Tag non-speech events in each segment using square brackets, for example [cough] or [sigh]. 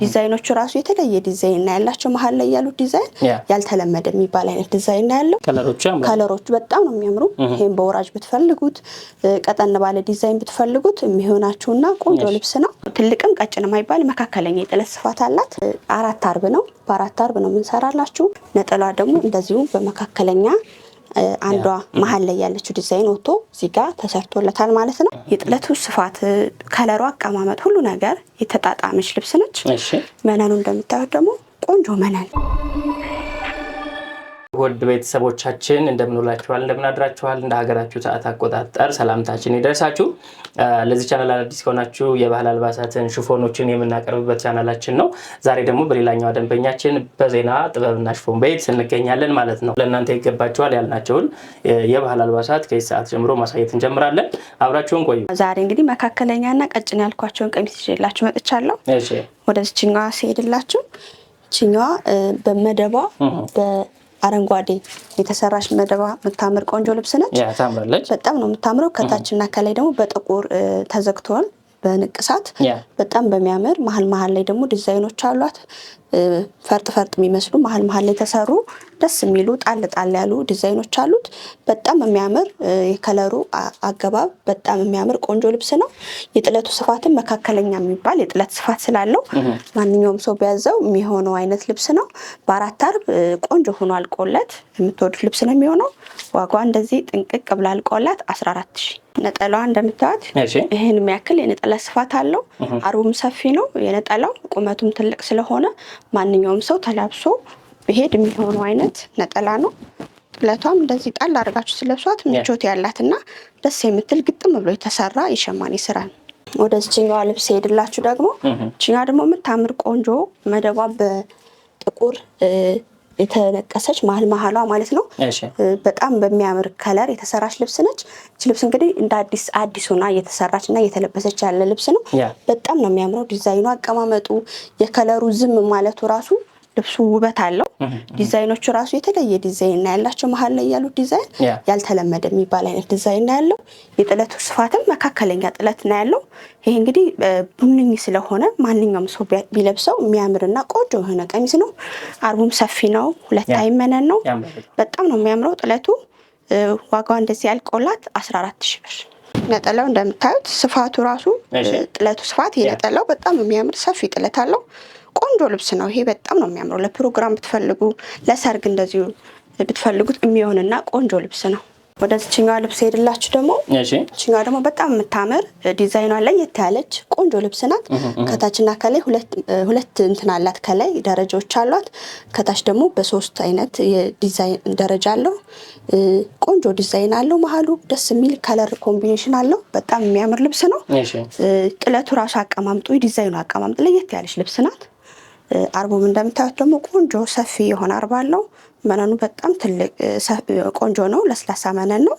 ዲዛይኖቹ ራሱ የተለየ ዲዛይን እና ያላቸው መሀል ላይ ያሉት ዲዛይን ያልተለመደ የሚባል አይነት ዲዛይን ና ያለው ከለሮቹ በጣም ነው የሚያምሩ። ይህም በወራጅ ብትፈልጉት ቀጠን ባለ ዲዛይን ብትፈልጉት የሚሆናችሁና ቆንጆ ልብስ ነው። ትልቅም ቀጭን አይባል መካከለኛ የጥለት ስፋት አላት። አራት አርብ ነው፣ በአራት አርብ ነው የምንሰራላችሁ። ነጠሏ ደግሞ እንደዚሁ በመካከለኛ አንዷ መሀል ላይ ያለችው ዲዛይን ወጥቶ እዚህ ጋር ተሰርቶለታል ማለት ነው። የጥለቱ ስፋት፣ ከለሩ፣ አቀማመጥ ሁሉ ነገር የተጣጣመች ልብስ ነች። መነኑ እንደምታዩት ደግሞ ቆንጆ መነን ውድ ቤተሰቦቻችን እንደምንውላችኋል፣ እንደምናድራችኋል። እንደ ሀገራችሁ ሰዓት አቆጣጠር ሰላምታችን ይደርሳችሁ። ለዚህ ቻናል አዳዲስ ከሆናችሁ የባህል አልባሳትን፣ ሽፎኖችን የምናቀርብበት ቻናላችን ነው። ዛሬ ደግሞ በሌላኛዋ ደንበኛችን በዜና ጥበብና ሽፎን ቤት እንገኛለን ማለት ነው። ለእናንተ ይገባችኋል ያልናቸውን የባህል አልባሳት ከዚህ ሰዓት ጀምሮ ማሳየት እንጀምራለን። አብራችሁን ቆዩ። ዛሬ እንግዲህ መካከለኛና ቀጭን ያልኳቸውን ቀሚስ ይዤላችሁ መጥቻለሁ። ወደዚችኛዋ ሲሄድላችሁ ችኛዋ በመደቧ አረንጓዴ የተሰራች መደባ የምታምር ቆንጆ ልብስ ነች። በጣም ነው የምታምረው። ከታችና ከላይ ደግሞ በጥቁር ተዘግቷል በንቅሳት በጣም በሚያምር መሀል መሀል ላይ ደግሞ ዲዛይኖች አሏት። ፈርጥ ፈርጥ የሚመስሉ መሀል መሀል የተሰሩ ደስ የሚሉ ጣል ጣል ያሉ ዲዛይኖች አሉት። በጣም የሚያምር የከለሩ አገባብ በጣም የሚያምር ቆንጆ ልብስ ነው። የጥለቱ ስፋትን መካከለኛ የሚባል የጥለት ስፋት ስላለው ማንኛውም ሰው ቢያዘው የሚሆነው አይነት ልብስ ነው። በአራት አርብ ቆንጆ ሆኖ አልቆለት የምትወዱት ልብስ ነው የሚሆነው። ዋጓ እንደዚህ ጥንቅቅ ብላ አልቆላት 14 ሺ ነጠላዋ እንደምታዩት ይህን የሚያክል የነጠላ ስፋት አለው። አርቡም ሰፊ ነው የነጠላው ቁመቱም ትልቅ ስለሆነ ማንኛውም ሰው ተላብሶ ብሄድ የሚሆነው አይነት ነጠላ ነው። ጥለቷም እንደዚህ ጣል አድርጋችሁ ስለብሷት ምቾት ያላት እና ደስ የምትል ግጥም ብሎ የተሰራ የሸማኔ ስራ ነው። ወደዚችኛዋ ልብስ ሄድላችሁ ደግሞ ችኛ ደግሞ የምታምር ቆንጆ መደቧ በጥቁር የተነቀሰች መሀል መሀሏ ማለት ነው። በጣም በሚያምር ከለር የተሰራች ልብስ ነች። እች ልብስ እንግዲህ እንደ አዲስ አዲስ ሆና እየተሰራች እና እየተለበሰች ያለ ልብስ ነው። በጣም ነው የሚያምረው ዲዛይኑ፣ አቀማመጡ፣ የከለሩ ዝም ማለቱ ራሱ ልብሱ ውበት አለው። ዲዛይኖቹ ራሱ የተለየ ዲዛይን እና ያላቸው መሀል ላይ ያሉት ዲዛይን ያልተለመደ የሚባል አይነት ዲዛይን ና ያለው የጥለቱ ስፋትም መካከለኛ ጥለት ና ያለው ይሄ እንግዲህ ቡንኝ ስለሆነ ማንኛውም ሰው ቢለብሰው የሚያምርና ቆንጆ የሆነ ቀሚስ ነው። አርቡም ሰፊ ነው። ሁለት አይመነን ነው። በጣም ነው የሚያምረው ጥለቱ። ዋጋው እንደዚህ ያልቆላት 14 ሺ ብር ነጠላው እንደምታዩት ስፋቱ ራሱ ጥለቱ ስፋት ነጠላው በጣም የሚያምር ሰፊ ጥለት አለው። ቆንጆ ልብስ ነው ይሄ። በጣም ነው የሚያምረው። ለፕሮግራም ብትፈልጉ፣ ለሰርግ እንደዚሁ ብትፈልጉት የሚሆንና ቆንጆ ልብስ ነው። ወደ ልብስ ሄድላችሁ ደግሞ ችኛ ደግሞ በጣም የምታምር ዲዛይኗ ላይ የተያለች ቆንጆ ልብስ ናት። ከታችና ከላይ ሁለት እንትን አላት። ከላይ ደረጃዎች አሏት። ከታች ደግሞ በሶስት አይነት የዲዛይን ደረጃ አለው። ቆንጆ ዲዛይን አለው። መሀሉ ደስ የሚል ከለር ኮምቢኔሽን አለው። በጣም የሚያምር ልብስ ነው። ጥለቱ ራሱ አቀማምጡ፣ የዲዛይኑ አቀማምጥ ለየት ያለች ልብስ ናት። አርቡም እንደምታዩት ደግሞ ቆንጆ ሰፊ የሆነ አርባ አለው። መነኑ በጣም ትልቅ ቆንጆ ነው። ለስላሳ መነን ነው።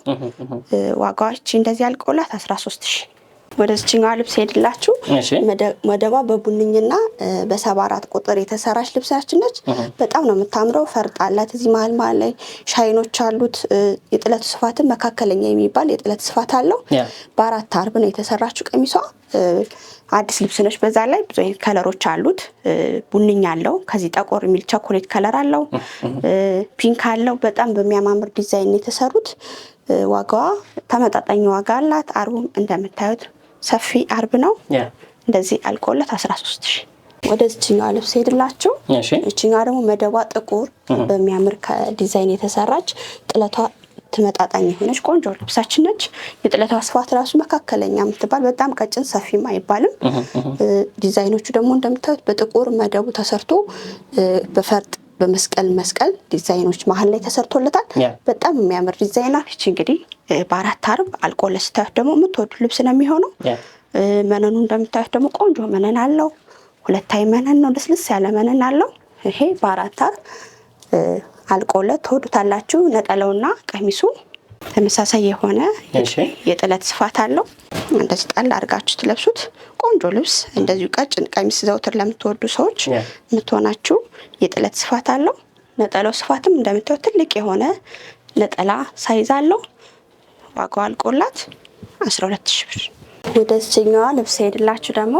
ዋጋዎች እንደዚህ ያልቀውላት አስራ ሶስት ሺህ ወደዚችኛዋ ልብስ ሄድላችሁ መደቧ በቡንኝና በሰባ አራት ቁጥር የተሰራች ልብሳችን ነች። በጣም ነው የምታምረው። ፈርጥ አላት እዚህ መሀል መሀል ላይ ሻይኖች አሉት። የጥለቱ ስፋትን መካከለኛ የሚባል የጥለት ስፋት አለው። በአራት አርብ ነው የተሰራችው ቀሚሷ። አዲስ ልብስ ነች። በዛ ላይ ብዙ አይነት ከለሮች አሉት። ቡንኝ አለው፣ ከዚህ ጠቆር የሚል ቸኮሌት ከለር አለው፣ ፒንክ አለው። በጣም በሚያማምር ዲዛይን የተሰሩት ዋጋዋ ተመጣጣኝ ዋጋ አላት። አርቡም እንደምታዩት ሰፊ አርብ ነው። እንደዚህ አልቆለት 13 ሺ ወደ ዝችኛዋ ልብስ ሄድላችሁ። ይችኛዋ ደግሞ መደቧ ጥቁር በሚያምር ከዲዛይን የተሰራች ጥለቷ ተመጣጣኝ የሆነች ቆንጆ ልብሳችን ነች። የጥለቷ ስፋት ራሱ መካከለኛ የምትባል በጣም ቀጭን ሰፊም አይባልም። ዲዛይኖቹ ደግሞ እንደምታዩት በጥቁር መደቡ ተሰርቶ በፈርጥ በመስቀል መስቀል ዲዛይኖች መሀል ላይ ተሰርቶለታል። በጣም የሚያምር ዲዛይን ናች። እንግዲህ በአራት አርብ አልቆ ስታዩት ደግሞ የምትወዱ ልብስ ነው የሚሆነው። መነኑ እንደምታዩት ደግሞ ቆንጆ መነን አለው። ሁለታዊ መነን ነው፣ ልስልስ ያለ መነን አለው። ይሄ በአራት አርብ አልቆለት ትወዱታላችሁ። ነጠላውና ቀሚሱ ተመሳሳይ የሆነ የጥለት ስፋት አለው። እንደዚህ ጣል አድርጋችሁ ትለብሱት ቆንጆ ልብስ። እንደዚሁ ቀጭን ቀሚስ ዘውትር ለምትወዱ ሰዎች የምትሆናችሁ የጥለት ስፋት አለው። ነጠላው ስፋትም እንደምታዩት ትልቅ የሆነ ነጠላ ሳይዝ አለው። ዋጋው አልቆላት 12 ሺ ብር። ወደ ልብስ ሄድላችሁ ደግሞ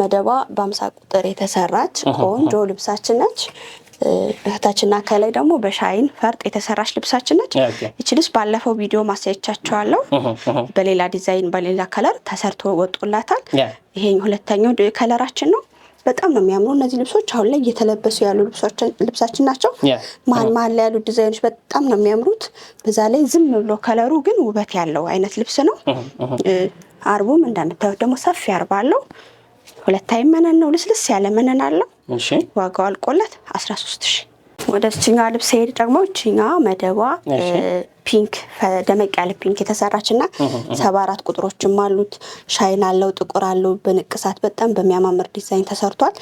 መደባ በአምሳ ቁጥር የተሰራች ቆንጆ ልብሳችን ነች። እህታችንና ከላይ ደግሞ በሻይን ፈርጥ የተሰራች ልብሳችን ነች። ይች ልብስ ባለፈው ቪዲዮ ማሳየቻቸዋለሁ። በሌላ ዲዛይን በሌላ ከለር ተሰርቶ ወጡላታል። ይሄ ሁለተኛው ከለራችን ነው። በጣም ነው የሚያምሩ እነዚህ ልብሶች። አሁን ላይ እየተለበሱ ያሉ ልብሳችን ናቸው። መሀል መሀል ላይ ያሉ ዲዛይኖች በጣም ነው የሚያምሩት። በዛ ላይ ዝም ብሎ ከለሩ ግን ውበት ያለው አይነት ልብስ ነው። አርቡም እንደምታዩት ደግሞ ሰፊ አርባ አለው። ሁለት አይ መነን ነው፣ ልስልስ ያለ መነን አለው። ዋጋው አልቆላት 13 ሺ። ወደ እችኛ ልብስ ሄድ ደግሞ እችኛ መደቧ ፒንክ ደመቅ ያለ ፒንክ የተሰራች እና ሰባ አራት ቁጥሮችም አሉት። ሻይን አለው፣ ጥቁር አለው። በንቅሳት በጣም በሚያማምር ዲዛይን ተሰርቷል።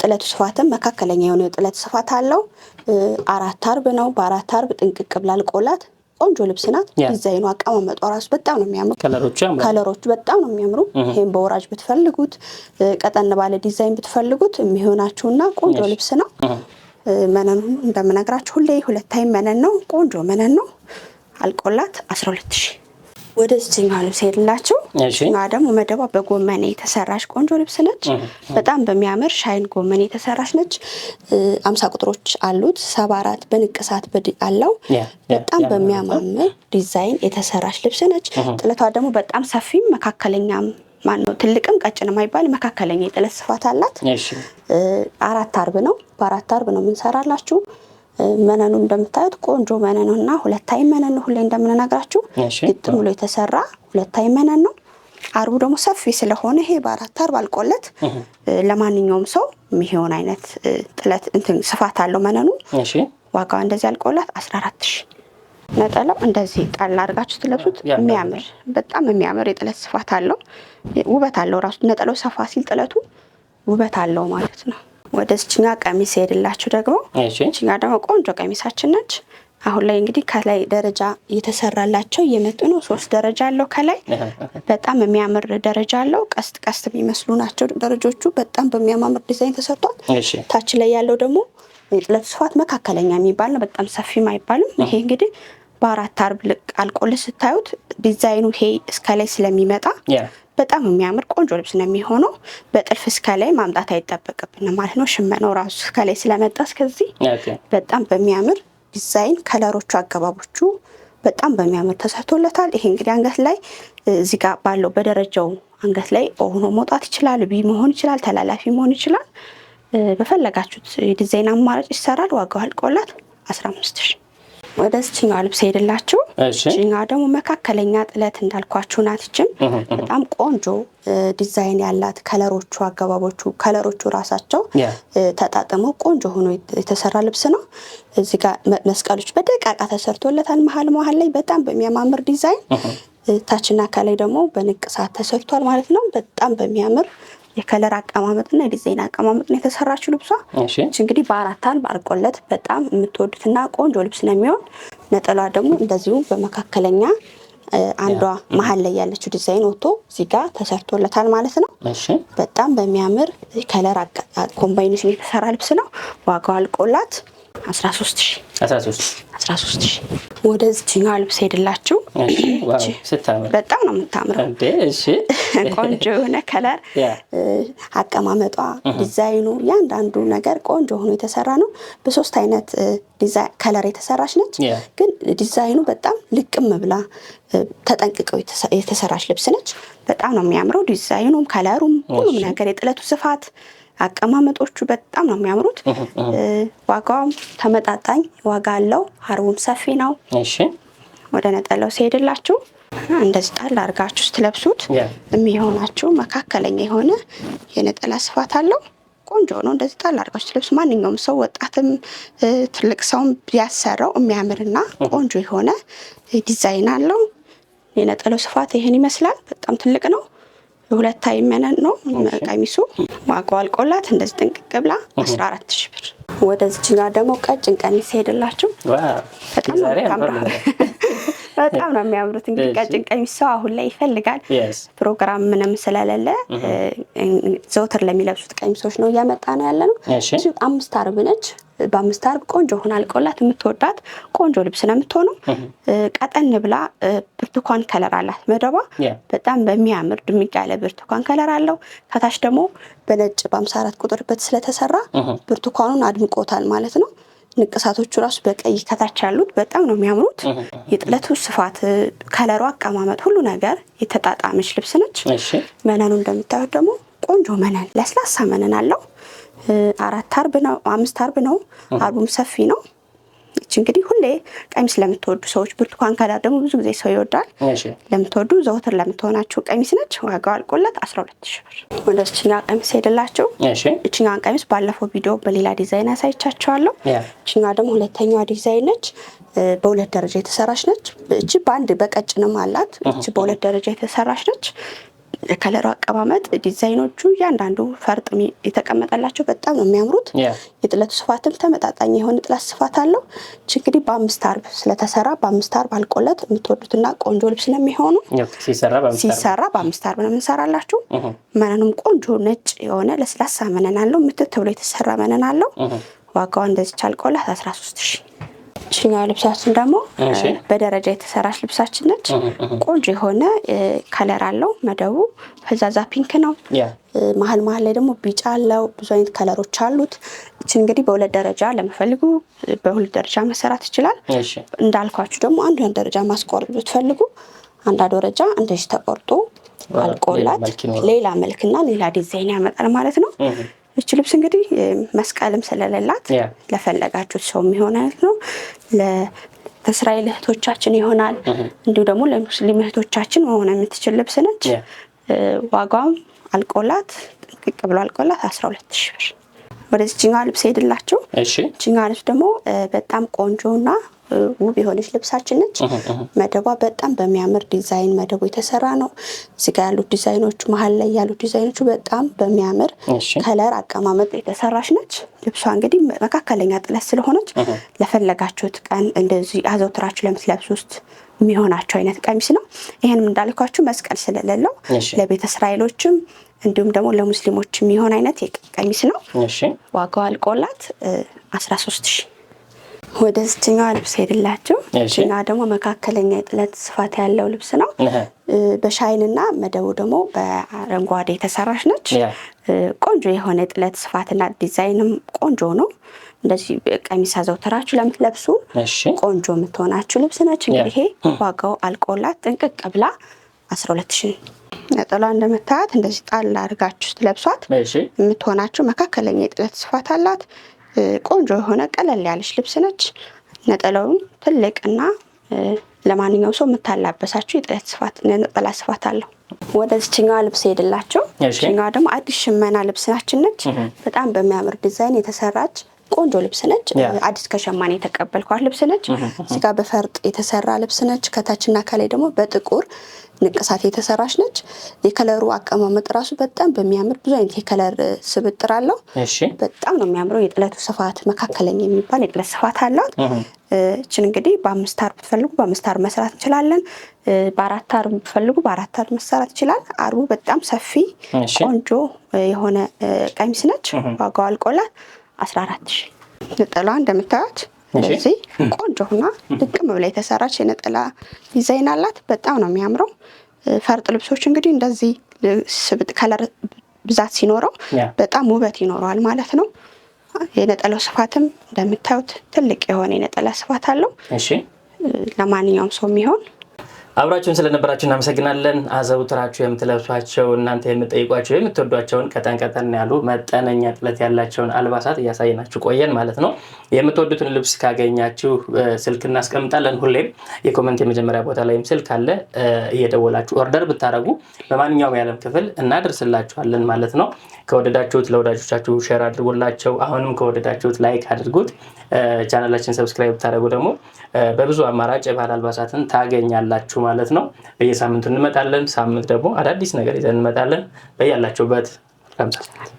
ጥለቱ ስፋትም መካከለኛ የሆነ የጥለት ስፋት አለው። አራት አርብ ነው። በአራት አርብ ጥንቅቅ ብላ ቆላት ቆንጆ ልብስ ናት። ዲዛይኑ አቀማመጧ ራሱ በጣም ነው የሚያምሩ። ከለሮቹ በጣም ነው የሚያምሩ። ይህም በወራጅ ብትፈልጉት፣ ቀጠን ባለ ዲዛይን ብትፈልጉት የሚሆናችሁና ቆንጆ ልብስ ነው። መነኑ እንደምነግራችሁ ሁሌ ሁለት መነን ነው። ቆንጆ መነን ነው። አልቆላት 12 ሺህ ወደ ወደዚህኛው ልብስ ሄድላችሁ። እኛ ደግሞ መደቧ በጎመን የተሰራች ቆንጆ ልብስ ነች። በጣም በሚያምር ሻይን ጎመን የተሰራች ነች። አምሳ ቁጥሮች አሉት። ሰባ አራት በንቅሳት በድ አለው። በጣም በሚያማምር ዲዛይን የተሰራች ልብስ ነች። ጥለቷ ደግሞ በጣም ሰፊም መካከለኛም ማን ነው ትልቅም ቀጭን አይባል መካከለኛ የጥለት ስፋት አላት። አራት አርብ ነው። በአራት አርብ ነው የምንሰራላችሁ። መነኑ እንደምታዩት ቆንጆ መነን እና ሁለታይ መነን ነው። ሁሌ እንደምንነግራችሁ ግጥም ብሎ የተሰራ ሁለታይ መነን ነው። አርቡ ደግሞ ሰፊ ስለሆነ ይሄ በአራት አርብ አልቆለት ለማንኛውም ሰው የሚሆን አይነት ጥለት እንትን ስፋት አለው መነኑ። ዋጋው እንደዚህ አልቆለት አስራ አራት ሺ ነጠላው እንደዚህ ጣል አድርጋችሁ ትለብሱት የሚያምር በጣም የሚያምር የጥለት ስፋት አለው። ውበት አለው ራሱ ነጠላው ሰፋ ሲል ጥለቱ ውበት አለው ማለት ነው። ወደ ቀሚስ ሄድላችሁ ደግሞ ችኛ ደግሞ ቆንጆ ቀሚሳችን ነች። አሁን ላይ እንግዲህ ከላይ ደረጃ እየተሰራላቸው እየመጡ ነው። ሶስት ደረጃ አለው ከላይ [laughs] በጣም የሚያምር ደረጃ አለው። ቀስት ቀስት የሚመስሉ ናቸው ደረጃዎቹ በጣም በሚያማምር ዲዛይን ተሰርቷል። ታች ላይ ያለው ደግሞ ስፋት መካከለኛ የሚባል ነው። በጣም ሰፊም አይባልም። ይሄ እንግዲህ በአራት አርብ ልቅ አልቆል ስታዩት ዲዛይኑ ይሄ እስከ ላይ ስለሚመጣ በጣም የሚያምር ቆንጆ ልብስ ነው የሚሆነው። በጥልፍ እስከ ላይ ማምጣት አይጠበቅብንም ማለት ነው። ሽመናው ራሱ እስከላይ ስለመጣ እስከዚህ በጣም በሚያምር ዲዛይን ከለሮቹ፣ አገባቦቹ በጣም በሚያምር ተሰርቶለታል። ይሄ እንግዲህ አንገት ላይ እዚህ ጋር ባለው በደረጃው አንገት ላይ ሆኖ መውጣት ይችላል። ቢ መሆን ይችላል። ተላላፊ መሆን ይችላል። በፈለጋችሁት የዲዛይን አማራጭ ይሰራል። ዋጋው አልቆላት አስራ አምስት ሺ ወደዚችኛዋ ልብስ ሄድላችሁ። እችኛዋ ደግሞ መካከለኛ ጥለት እንዳልኳችሁ ናት። በጣም ቆንጆ ዲዛይን ያላት ከለሮቹ፣ አገባቦቹ ከለሮቹ ራሳቸው ተጣጥመው ቆንጆ ሆኖ የተሰራ ልብስ ነው። እዚህ ጋር መስቀሎች በደቃቃ ተሰርቶለታል። መሀል መሀል ላይ በጣም በሚያማምር ዲዛይን ታችና ከላይ ደግሞ በንቅሳት ተሰርቷል ማለት ነው። በጣም በሚያምር የከለር አቀማመጥና የዲዛይን አቀማመጥ ነው የተሰራችው ልብሷ። እንግዲህ በአራታን ባርቆለት በጣም የምትወዱትና ቆንጆ ልብስ ነው የሚሆን። ነጠሏ ደግሞ እንደዚሁ በመካከለኛ አንዷ መሀል ላይ ያለችው ዲዛይን ወጥቶ እዚህ ተሰርቶለታል ማለት ነው። በጣም በሚያምር ከለር ኮምባይኔሽን የተሰራ ልብስ ነው። ዋጋው አልቆላት ወደ ዚችኛዋ ልብስ ሄድላችሁ። በጣም ነው የምታምረው። [laughs] ቆንጆ የሆነ ከለር አቀማመጧ፣ ዲዛይኑ፣ እያንዳንዱ ነገር ቆንጆ ሆኖ የተሰራ ነው። በሶስት አይነት ከለር የተሰራች ነች። ግን ዲዛይኑ በጣም ልቅም ብላ ተጠንቅቀው የተሰራች ልብስ ነች። በጣም ነው የሚያምረው ዲዛይኑም፣ ከለሩም፣ ሁሉም ነገር የጥለቱ ስፋት አቀማመጦቹ በጣም ነው የሚያምሩት። ዋጋውም ተመጣጣኝ ዋጋ አለው። ሀርቡም ሰፊ ነው። ወደ ነጠላው ሲሄድላችሁ እንደዚህ ጣል አድርጋችሁ ስትለብሱት የሚሆናችሁ መካከለኛ የሆነ የነጠላ ስፋት አለው። ቆንጆ ነው። እንደዚህ ጣል አድርጋችሁ ስትለብሱ ማንኛውም ሰው ወጣትም ትልቅ ሰውም ቢያሰራው የሚያምርና ቆንጆ የሆነ ዲዛይን አለው። የነጠላው ስፋት ይህን ይመስላል። በጣም ትልቅ ነው። የሁለት አይ መነን ነው ቀሚሱ። ዋጋው አልቆላት እንደዚህ ጥንቅቅ ብላ 14 ሺህ ብር። ወደዚችኛ ደግሞ ቀጭን ቀሚስ ሄድላችሁ በጣም በጣም ነው የሚያምሩት። እንግዲህ ቀጭን ቀሚስ ሰው አሁን ላይ ይፈልጋል። ፕሮግራም ምንም ስለሌለ ዘውትር ለሚለብሱት ቀሚሶች ነው እያመጣ ነው ያለ ነው። አምስት አርብ ነች። በአምስት አርብ ቆንጆ ሆና አልቆላት የምትወዳት ቆንጆ ልብስ ነው የምትሆነው። ቀጠን ብላ ብርቱካን ከለር አላት መደቧ በጣም በሚያምር ድምቅ ያለ ብርቱካን ከለር አለው። ከታች ደግሞ በነጭ በአምሳ አራት ቁጥር በት ስለተሰራ ብርቱካኑን አድምቆታል ማለት ነው። ንቅሳቶቹ ራሱ በቀይ ከታች ያሉት በጣም ነው የሚያምሩት። የጥለቱ ስፋት፣ ከለሩ፣ አቀማመጥ ሁሉ ነገር የተጣጣመች ልብስ ነች። መነኑ እንደምታዩት ደግሞ ቆንጆ መነን፣ ለስላሳ መነን አለው። አራት አርብ ነው፣ አምስት አርብ ነው። አርቡም ሰፊ ነው። ትባላለች። እንግዲህ ሁሌ ቀሚስ ለምትወዱ ሰዎች ብርቱካን ከለር ደግሞ ብዙ ጊዜ ሰው ይወዳል። ለምትወዱ ዘወትር ለምትሆናችሁ ቀሚስ ነች። ዋጋው አልቆላት 12 ሺ ብር። ወደ እችኛ ቀሚስ ሄደላቸው እችኛን ቀሚስ ባለፈው ቪዲዮ በሌላ ዲዛይን አሳይቻቸዋለሁ። እችኛ ደግሞ ሁለተኛዋ ዲዛይን ነች። በሁለት ደረጃ የተሰራች ነች። እቺ በአንድ በቀጭንም አላት። እቺ በሁለት ደረጃ የተሰራች ነች። የከለሩ አቀማመጥ ዲዛይኖቹ እያንዳንዱ ፈርጥ የተቀመጠላቸው በጣም የሚያምሩት። የጥለቱ ስፋትም ተመጣጣኝ የሆነ ጥለት ስፋት አለው። እንግዲህ በአምስት አርብ ስለተሰራ በአምስት አርብ አልቆለት የምትወዱትና ቆንጆ ልብስ ነው የሚሆኑ። ሲሰራ በአምስት አርብ ነው የምንሰራላችሁ። mm-hmm. መነኑም ቆንጆ ነጭ የሆነ ለስላሳ መነን አለው። ምትት ተብሎ የተሰራ መነን አለው። mm-hmm. ዋጋዋ እንደዚች አልቆላት አስራ ሶስት ሺህ ይችኛዋ ልብሳችን ደግሞ በደረጃ የተሰራች ልብሳችን ነች። ቆንጆ የሆነ ከለር አለው። መደቡ ፈዛዛ ፒንክ ነው። መሀል መሀል ላይ ደግሞ ቢጫ አለው። ብዙ አይነት ከለሮች አሉት። ይችን እንግዲህ በሁለት ደረጃ ለመፈልጉ በሁለት ደረጃ መሰራት ይችላል። እንዳልኳችሁ ደግሞ አንዷን ደረጃ ማስቆረጥ ብትፈልጉ አንዳንድ ደረጃ እንደዚህ ተቆርጦ አልቆላት ሌላ መልክና ሌላ ዲዛይን ያመጣል ማለት ነው። እች ልብስ እንግዲህ መስቀልም ስለሌላት ለፈለጋችሁት ሰው የሚሆን ነው። ለእስራኤል እህቶቻችን ይሆናል። እንዲሁ ደግሞ ለሙስሊም እህቶቻችን መሆን የምትችል ልብስ ነች። ዋጋውም አልቆላት ጥንቅቅ ብሎ አልቆላት አስራ ሁለት ሺ ብር። ወደዚችኛዋ ልብስ ሄድላቸው እችኛዋ ልብስ ደግሞ በጣም ቆንጆ እና ውብ የሆነች ልብሳችን ነች። መደቧ በጣም በሚያምር ዲዛይን መደቡ የተሰራ ነው። እዚጋ ያሉት ዲዛይኖቹ መሀል ላይ ያሉት ዲዛይኖቹ በጣም በሚያምር ከለር አቀማመጥ የተሰራች ነች። ልብሷ እንግዲህ መካከለኛ ጥለት ስለሆነች ለፈለጋችሁት ቀን እንደዚህ አዘውትራችሁ ለምትለብሱት የሚሆናቸው አይነት ቀሚስ ነው። ይህንም እንዳልኳችሁ መስቀል ስለሌለው ለቤተ እስራኤሎችም እንዲሁም ደግሞ ለሙስሊሞች የሚሆን አይነት ቀሚስ ነው። ዋጋው አልቆላት አስራ ሶስት ሺህ ወደ ስችኛዋ ልብስ ሄድላችሁ እና ደግሞ መካከለኛ የጥለት ስፋት ያለው ልብስ ነው። በሻይን እና መደቡ ደግሞ በአረንጓዴ የተሰራች ነች። ቆንጆ የሆነ የጥለት ስፋትና ዲዛይንም ቆንጆ ነው። እንደዚህ ቀሚስ አዘውትራችሁ ለምትለብሱ ቆንጆ የምትሆናችሁ ልብስ ነች። እንግዲህ ዋጋው አልቆላት ጥንቅቅ ብላ አስራ ሁለት ሺ ነጠሏ እንደምታያት እንደዚህ ጣል አድርጋችሁ ስትለብሷት የምትሆናችሁ መካከለኛ የጥለት ስፋት አላት። ቆንጆ የሆነ ቀለል ያለች ልብስ ነች። ነጠላውም ትልቅ እና ለማንኛውም ሰው የምታላበሳችሁ የጥለት ስፋት ነጠላ ስፋት አለው። ወደ ዝችኛዋ ልብስ ሄድላቸው። ችኛዋ ደግሞ አዲስ ሽመና ናችን ነች። በጣም በሚያምር ዲዛይን የተሰራች ቆንጆ ልብስ ነች። አዲስ ከሸማኔ የተቀበልኳት ልብስ ነች። mm-hmm, mm-hmm. እዚጋ በፈርጥ የተሰራ ልብስ ነች። ከታችና ከላይ ደግሞ በጥቁር ንቅሳት የተሰራች ነች። የከለሩ አቀማመጥ ራሱ በጣም በሚያምር ብዙ አይነት የከለር ስብጥር አለው። በጣም ነው የሚያምረው። የጥለቱ ስፋት መካከለኛ የሚባል የጥለት ስፋት አላት። mm-hmm. እችን እንግዲህ በአምስት አርብ ብትፈልጉ በአምስት አርብ መስራት እንችላለን። በአራት አርብ ብትፈልጉ በአራት አርብ መሰራት ይችላል። አርቡ በጣም ሰፊ ቆንጆ የሆነ ቀሚስ ነች። ዋጋው አልቆላት 14 ሺ። ነጠላዋ እንደምታዩት እንደዚህ ቆንጆ ሁና ልቅም ብላ የተሰራች የነጠላ ዲዛይን አላት። በጣም ነው የሚያምረው። ፈርጥ ልብሶች እንግዲህ እንደዚህ ስብጥ ከለር ብዛት ሲኖረው በጣም ውበት ይኖረዋል ማለት ነው። የነጠላው ስፋትም እንደምታዩት ትልቅ የሆነ የነጠላ ስፋት አለው። ለማንኛውም ሰው የሚሆን አብራችሁን ስለነበራችሁ እናመሰግናለን። አዘውትራችሁ የምትለብሷቸው እናንተ የምጠይቋቸው የምትወዷቸውን ቀጠን ቀጠን ያሉ መጠነኛ ጥለት ያላቸውን አልባሳት እያሳየናችሁ ቆየን ማለት ነው። የምትወዱትን ልብስ ካገኛችሁ ስልክ እናስቀምጣለን። ሁሌም የኮመንት የመጀመሪያ ቦታ ላይም ስልክ አለ። እየደወላችሁ ኦርደር ብታደርጉ በማንኛውም የዓለም ክፍል እናደርስላችኋለን ማለት ነው። ከወደዳችሁት ለወዳጆቻችሁ ሼር አድርጉላቸው። አሁንም ከወደዳችሁት ላይክ አድርጉት። ቻናላችን ሰብስክራይብ ብታደርጉ ደግሞ በብዙ አማራጭ የባህል አልባሳትን ታገኛላችሁ። ማለት ነው። በየሳምንቱ እንመጣለን። ሳምንት ደግሞ አዳዲስ ነገር ይዘን እንመጣለን። በያላችሁበት ከምሳ